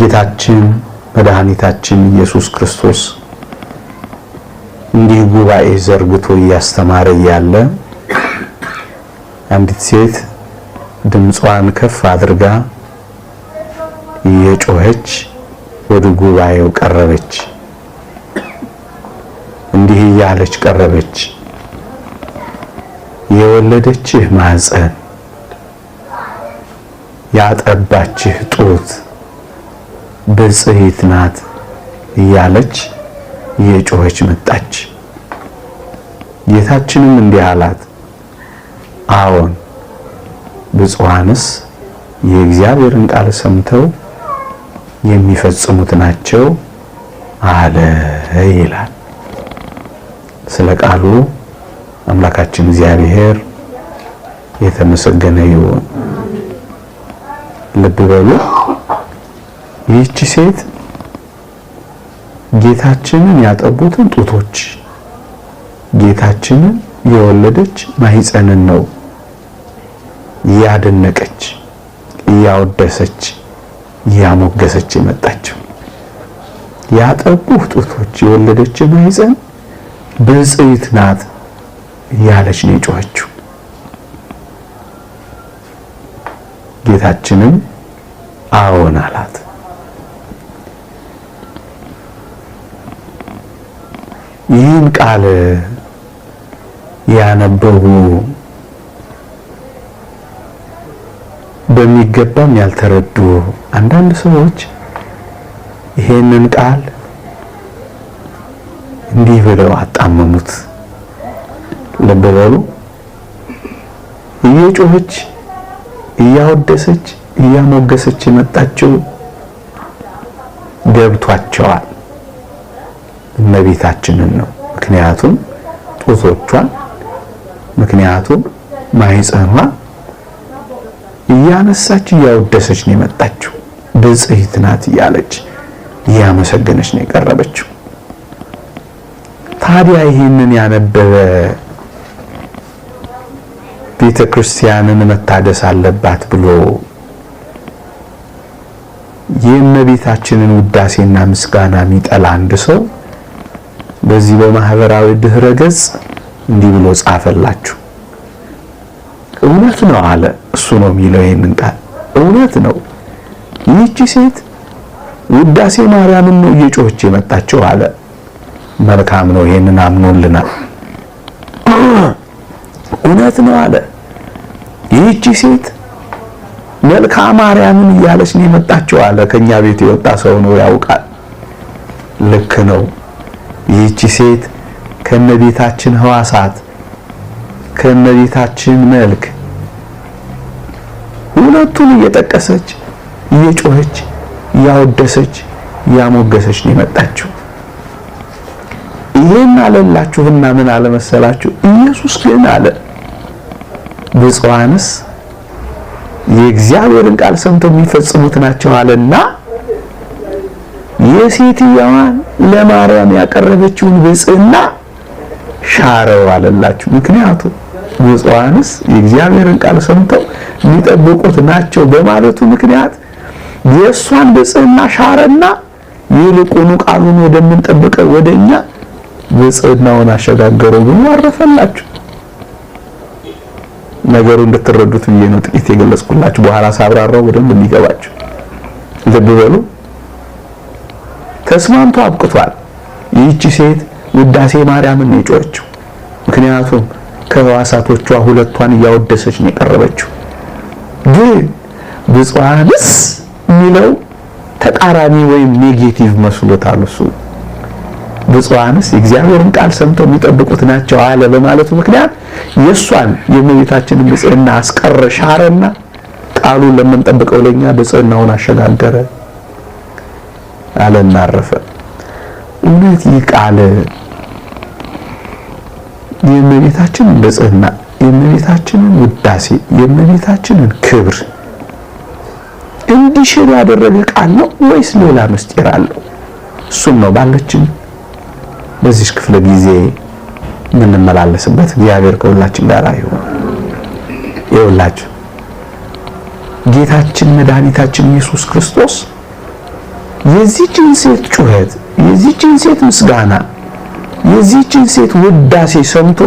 ጌታችን መድኃኒታችን ኢየሱስ ክርስቶስ እንዲህ ጉባኤ ዘርግቶ እያስተማረ እያለ አንዲት ሴት ድምጿን ከፍ አድርጋ እየጮኸች ወደ ጉባኤው ቀረበች። እንዲህ እያለች ቀረበች። የወለደችህ ማኅፀን፣ ያጠባችህ ጡት ብፅዕት ናት እያለች እየጮኸች መጣች። ጌታችንም እንዲህ አላት፣ አዎን ብፁዓንስ የእግዚአብሔርን ቃል ሰምተው የሚፈጽሙት ናቸው አለ ይላል። ስለ ቃሉ አምላካችን እግዚአብሔር የተመሰገነ ይሁን። ልብ በሉ። ይህቺ ሴት ጌታችንን ያጠቡትን ጡቶች ጌታችንን የወለደች ማህፀንን ነው እያደነቀች እያወደሰች እያሞገሰች የመጣችው። ያጠቡህ ጡቶች የወለደች ማህፀን ብፅዕት ናት እያለች ነው የጮኸችው። ጌታችንም አዎን አላት። ይህን ቃል ያነበቡ በሚገባም ያልተረዱ አንዳንድ ሰዎች ይሄንን ቃል እንዲህ ብለው አጣመሙት። ልብ በሉ። እየጮኸች እያወደሰች እያሞገሰች የመጣችው ገብቷቸዋል። እመቤታችንን ነው። ምክንያቱም ጡቶቿን፣ ምክንያቱም ማይጸኗ እያነሳች እያወደሰች ነው የመጣችው። ብጽሕት ናት እያለች እያመሰገነች ነው የቀረበችው። ታዲያ ይህንን ያነበበ ቤተ ክርስቲያንን መታደስ አለባት ብሎ የእመቤታችንን ውዳሴና ምስጋና የሚጠላ አንድ ሰው በዚህ በማህበራዊ ድህረ ገጽ እንዲህ ብሎ ጻፈላችሁ። እውነት ነው አለ። እሱ ነው የሚለው ይሄንን ቃል እውነት ነው። ይህቺ ሴት ውዳሴ ማርያምን ነው እየጮኸች የመጣችው አለ። መልካም ነው። ይሄንን አምኖልናል። እውነት ነው አለ። ይህቺ ሴት መልካ ማርያምን እያለች ነው የመጣችው አለ። ከኛ ቤት የወጣ ሰው ነው ያውቃል። ልክ ነው። ይህቺ ሴት ከእመቤታችን ህዋሳት ከእመቤታችን መልክ ሁለቱን እየጠቀሰች እየጮኸች እያወደሰች እያሞገሰች ነው የመጣችው። ይሄን አለላችሁና ምን መሰላችሁ? ኢየሱስ ግን አለ ብፁዓንስ የእግዚአብሔርን ቃል ሰምተው የሚፈጽሙት ናቸው አለና የሴትየዋን ለማርያም ያቀረበችውን ብጽዕና ሻረው አለላችሁ። ምክንያቱም ብፁዓንስ የእግዚአብሔርን ቃል ሰምተው የሚጠብቁት ናቸው በማለቱ ምክንያት የእሷን ብጽዕና ሻረና ይልቁኑ ቃሉን ወደምንጠብቀ ወደኛ ብጽዕናውን አሸጋገረው ብሎ አረፈላችሁ። ነገሩ እንድትረዱት ብዬ ነው ጥቂት የገለጽኩላችሁ። በኋላ ሳብራራው በደንብ እንዲገባችሁ ልብ በሉ። ተስማምቶ አብቅቷል። ይህቺ ሴት ውዳሴ ማርያምን ነው የጮኸችው። ምክንያቱም ከህዋሳቶቿ ሁለቷን እያወደሰች ነው የቀረበችው። ግን ብፁዓንስ የሚለው ተቃራኒ ወይም ኔጌቲቭ መስሎታል። እሱ ብፁዓንስ የእግዚአብሔርን ቃል ሰምተው የሚጠብቁት ናቸው አለ በማለቱ ምክንያት የእሷን የእመቤታችንን ብጽዕና አስቀረ፣ ሻረና ቃሉን ለምንጠብቀው ለኛ ብጽዕናውን አሸጋገረ። አለና አረፈ። እውነት ይህ ቃል የእመቤታችንን ንጽህና፣ የእመቤታችንን ውዳሴ፣ የእመቤታችንን ክብር እንዲሽር ያደረገ ቃል ነው ወይስ ሌላ ምስጢር አለው? እሱም ነው ባለችን በዚህ ክፍለ ጊዜ የምንመላለስበት። እግዚአብሔር ከሁላችን ጋር ይሁን። ይሁላችሁ ጌታችን መድኃኒታችን ኢየሱስ ክርስቶስ የዚህችን ሴት ጩኸት፣ የዚህችን ሴት ምስጋና፣ የዚህችን ሴት ውዳሴ ሰምቶ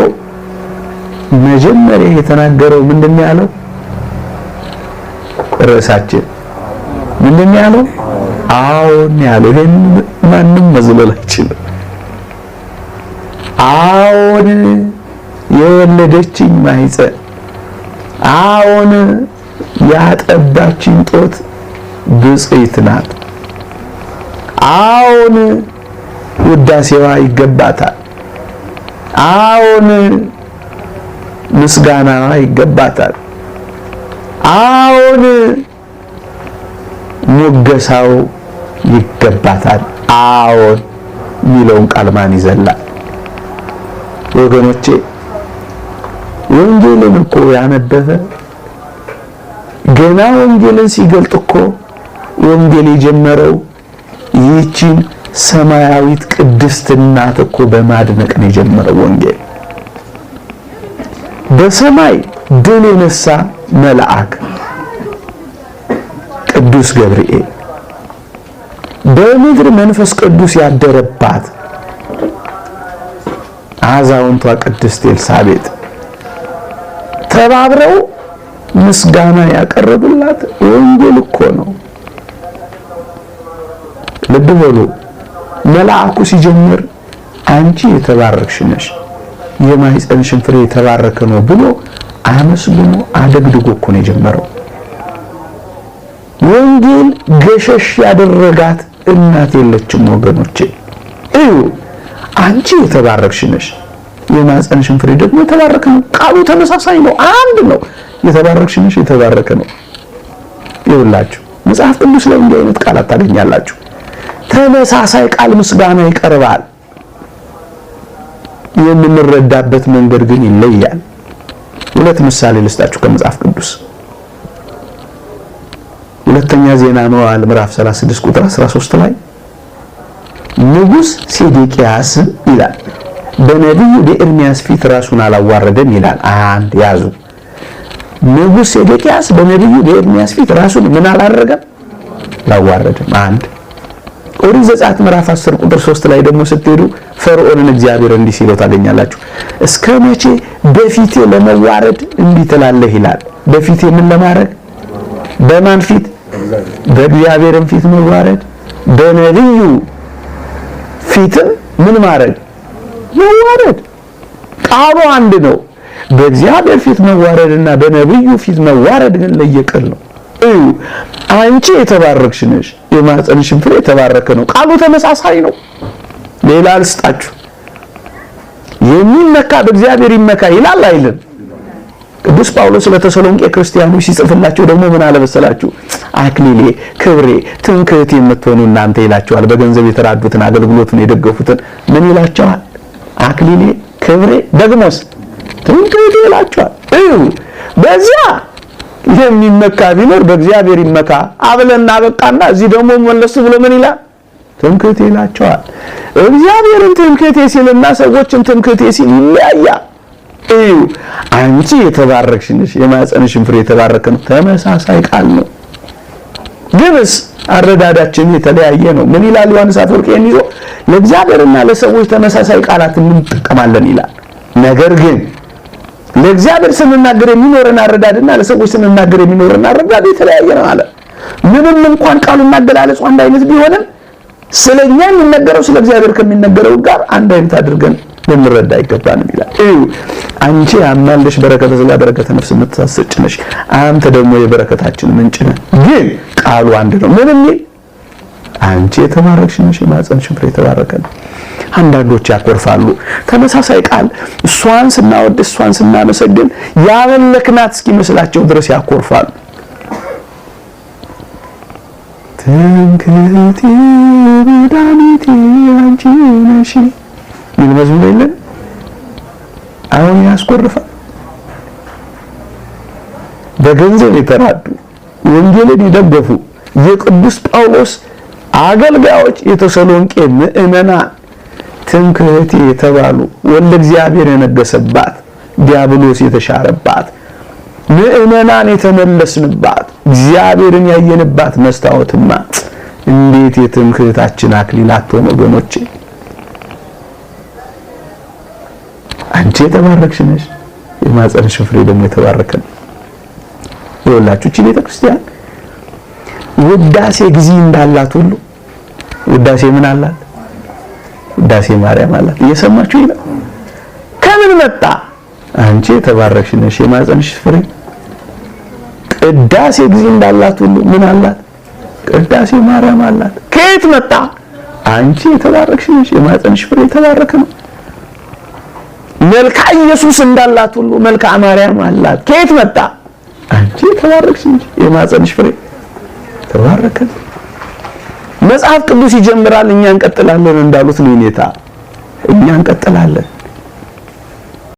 መጀመሪያ የተናገረው ምንድን ያለው ርዕሳችን ምንድን ያለው? አዎን ያለው። ይሄን ማንም መዝለል አይችልም። አዎን የወለደችኝ ማህፀን፣ አዎን ያጠባችኝ ጦት ብጽይት ናት። አዎን ውዳሴዋ ይገባታል። አሁን ምስጋናዋ ይገባታል። አሁን ሙገሳው ይገባታል። አዎን የሚለውን ቃል ማን ይዘላል? ወገኖቼ ወንጌልን እኮ ያነበበ ገና ወንጌልን ሲገልጥ እኮ ወንጌል የጀመረው ይህችን ሰማያዊት ቅድስት እናት እኮ በማድነቅ ነው የጀመረው ወንጌል። በሰማይ ድል የነሳ መልአክ ቅዱስ ገብርኤል፣ በምድር መንፈስ ቅዱስ ያደረባት አዛውንቷ ቅድስት ኤልሳቤጥ ተባብረው ምስጋና ያቀረቡላት ወንጌል እኮ ነው። ልብ በሉ መልአኩ ሲጀምር አንቺ የተባረክሽ ነሽ የማኅፀንሽን ፍሬ የተባረከ ነው ብሎ አመስግኖ አደግድጎ እኮ ነው የጀመረው። ወንጌል ገሸሽ ያደረጋት እናት የለችም ወገኖቼ። እዩ አንቺ የተባረክሽ ነሽ የማኅፀንሽን ፍሬ ደግሞ የተባረከ ነው። ቃሉ ተመሳሳይ ነው፣ አንድ ነው። የተባረክሽ ነሽ የተባረከ ነው። ይውላችሁ መጽሐፍ ቅዱስ ላይ እንዲህ አይነት ቃላት ታገኛላችሁ። ተመሳሳይ ቃል ምስጋና ይቀርባል። የምንረዳበት መንገድ ግን ይለያል። ሁለት ምሳሌ ልስጣችሁ ከመጽሐፍ ቅዱስ ሁለተኛ ዜና መዋዕል ምዕራፍ 36 ቁጥር 13 ላይ ንጉስ ሴዴቅያስ ይላል በነቢዩ በኤርሚያስ ፊት ራሱን አላዋረደም ይላል። አንድ ያዙ። ንጉስ ሴዴቅያስ በነቢዩ በኤርሚያስ ፊት ራሱን ምን አላደረገም? አላዋረደም። አንድ ኦሪት ዘጸአት ምዕራፍ 10 ቁጥር 3 ላይ ደግሞ ስትሄዱ ፈርዖንን እግዚአብሔር እንዲህ ሲለው ታገኛላችሁ። እስከ መቼ በፊቴ ለመዋረድ እንዲህ ትላለህ ይላል። በፊቴ ምን ለማድረግ በማን ፊት? በእግዚአብሔርን ፊት መዋረድ፣ በነቢዩ ፊትም ምን ማድረግ መዋረድ። ቃሉ አንድ ነው። በእግዚአብሔር ፊት መዋረድና በነቢዩ ፊት መዋረድ ግን ለየቅል ነው እዩ አንቺ የተባረክሽ ነሽ፣ የማህፀንሽን ፍሬ የተባረከ ነው። ቃሉ ተመሳሳይ ነው። ሌላ አልስጣችሁ። የሚመካ በእግዚአብሔር ይመካ ይላል አይልም? ቅዱስ ጳውሎስ ለተሰሎንቄ ክርስቲያኖች ሲጽፍላቸው ደግሞ ምን አለ መሰላችሁ? አክሊሌ፣ ክብሬ፣ ትምክህት የምትሆኑ እናንተ ይላቸዋል። በገንዘብ የተራዱትን አገልግሎትን የደገፉትን ምን ይላቸዋል? አክሊሌ፣ ክብሬ፣ ደግሞስ ትምክህት ይላቸዋል። በዚያ የሚመካ ቢኖር በእግዚአብሔር ይመካ አብለና በቃና እዚህ ደግሞ መለሱ ብሎ ምን ይላል? ትምክህቴ ይላቸዋል። እግዚአብሔርን ትምክህቴ ሲልና ሰዎችን ትምክህቴ ሲል ይለያያል። እዩ፣ አንቺ የተባረክሽ ነሽ፣ ፍሬ የተባረከ ነው። ተመሳሳይ ቃል ነው፣ ግብስ አረዳዳችን የተለያየ ነው። ምን ይላል ዮሐንስ አፈወርቅ ይዞ ለእግዚአብሔርና ለሰዎች ተመሳሳይ ቃላት እንጠቀማለን ይላል። ነገር ግን ለእግዚአብሔር ስንናገር የሚኖረን አረዳድና ለሰዎች ስንናገር የሚኖረን አረዳድ የተለያየ ነው አለ። ምንም እንኳን ቃሉና አገላለጹ አንድ አይነት ቢሆንም ስለ እኛ የሚነገረው ስለ እግዚአብሔር ከሚነገረው ጋር አንድ አይነት አድርገን ልንረዳ አይገባንም ይላል። እዩ አንቺ አማልደሽ በረከተ ሥጋ በረከተ ነፍስ የምታሰጭ ነሽ፣ አንተ ደግሞ የበረከታችን ምንጭ ነህ። ግን ቃሉ አንድ ነው። ምንም የሚል አንቺ የተባረክሽ ነሽ፣ የማኅፀንሽን ፍሬ የተባረከ ነው። አንዳንዶች ያኮርፋሉ። ተመሳሳይ ቃል እሷን ስናወድ እሷን ስናመሰግን ያመለክናት እስኪመስላቸው ድረስ ያኮርፋሉ። ትምክህቴ መድኃኒቴ አንቺ ነሽ ሚል መዝሙር የለን? አሁን ያስኮርፋል። በገንዘብ የተራዱ ወንጌልን የደገፉ የቅዱስ ጳውሎስ አገልጋዮች የተሰሎንቄ ምእመናን ትምክህቴ የተባሉ ወልደ እግዚአብሔር የነገሰባት ዲያብሎስ የተሻረባት ምእመናን የተመለስንባት እግዚአብሔርን ያየንባት መስታወትማ እንዴት የትምክህታችን አክሊል አትሆን ወገኖቼ! አንቺ የተባረክሽ ነሽ፣ የማፀንሽ ፍሬ ደግሞ የተባረከ ነው። ይኸውላችሁ ይህች ቤተክርስቲያን ውዳሴ ጊዜ እንዳላት ሁሉ ውዳሴ ምን አላት? ውዳሴ ማርያም አላት። እየሰማችሁ ይላል። ከምን መጣ? አንቺ የተባረክሽ ነሽ የማህፀንሽ ፍሬ። ቅዳሴ ጊዜ እንዳላት ሁሉ ምን አላት? ቅዳሴ ማርያም አላት። ከየት መጣ? አንቺ የተባረክሽ ነሽ የማህፀንሽ ፍሬ የተባረከ ነው። መልካ ኢየሱስ እንዳላት ሁሉ መልካ ማርያም አላት። ከየት መጣ? አንቺ የተባረክሽ ነሽ የማህፀንሽ ፍሬ ተባረከን። መጽሐፍ ቅዱስ ይጀምራል፣ እኛ እንቀጥላለን እንዳሉት ነው ሁኔታ እኛ እንቀጥላለን።